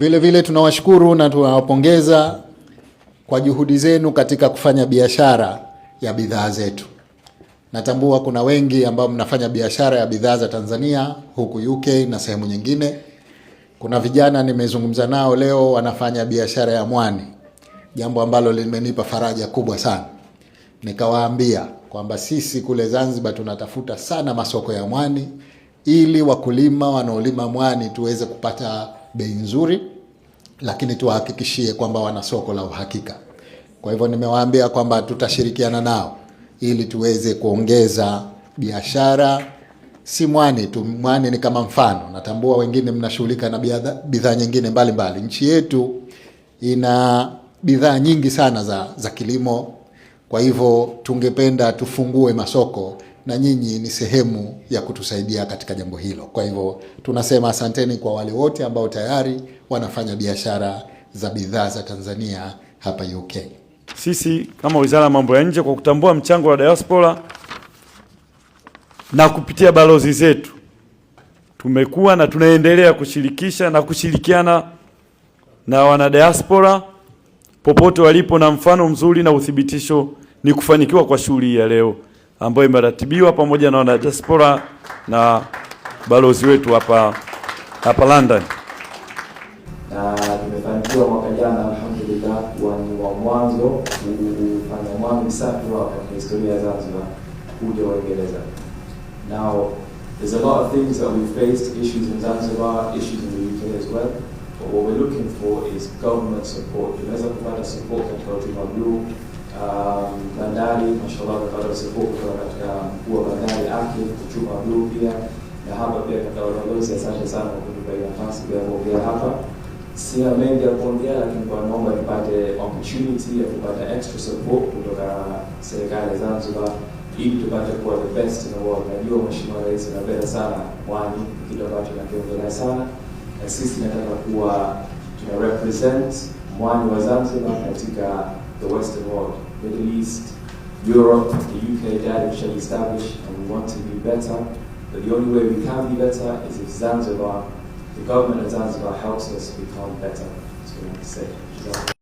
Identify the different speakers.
Speaker 1: Vile vile tunawashukuru na tunawapongeza kwa juhudi zenu katika kufanya biashara ya bidhaa zetu. Natambua kuna wengi ambao mnafanya biashara ya bidhaa za Tanzania huku UK na sehemu nyingine. Kuna vijana nimezungumza nao leo wanafanya biashara ya mwani, jambo ambalo limenipa faraja kubwa sana. Nikawaambia kwamba sisi kule Zanzibar tunatafuta sana masoko ya mwani ili wakulima wanaolima mwani tuweze kupata bei nzuri lakini tuwahakikishie kwamba wana soko la uhakika. Kwa hivyo nimewaambia kwamba tutashirikiana nao ili tuweze kuongeza biashara, si mwani tu. Mwani ni kama mfano, natambua wengine mnashughulika na bidhaa nyingine mbalimbali Nchi yetu ina bidhaa nyingi sana za, za kilimo. Kwa hivyo tungependa tufungue masoko na nyinyi ni sehemu ya kutusaidia katika jambo hilo. Kwa hivyo tunasema asanteni kwa wale wote ambao tayari wanafanya biashara za bidhaa za Tanzania hapa UK.
Speaker 2: Sisi kama Wizara ya Mambo ya Nje kwa kutambua mchango wa diaspora na kupitia balozi zetu tumekuwa na tunaendelea kushirikisha na kushirikiana na wanadiaspora popote walipo, na mfano mzuri na uthibitisho ni kufanikiwa kwa shughuli ya leo ambayo imeratibiwa pamoja na wanadiaspora na balozi wetu hapa hapa London,
Speaker 3: na tumefanikiwa mwaka jana alhamdulillah, kuwa ni wa mwanzo kufanya mwami safi wa katika historia ya Zanzibar kuja Waingereza. Now there's a lot of things that we faced issues in Zanzibar, issues in the UK as well but what we're looking for is government support. Tunaweza kupata support katika utumaji huu bandari um, mashallah amepata usefuo kutoka katika mkuu wa bandari aki kuchuma bluu pia na hapa pia katika balozi, asante sana kwa kunipa hii nafasi pia kuongea hapa. Sina mengi ya kuongea, lakini kwa naomba nipate opportunity ya kupata extra support kutoka serikali ya Zanzibar ili tupate kuwa the best in the world. Najua mheshimiwa rais anapenda sana mwani, kitu ambacho nakiongelea sana, na sisi nataka kuwa tuna represent One was Zanzibar katika the Western world, Middle East, Europe, the UK, that we shall establish, and we want to be better. But the only way we can be better is if Zanzibar, the government of Zanzibar, helps us become better. So what want to say.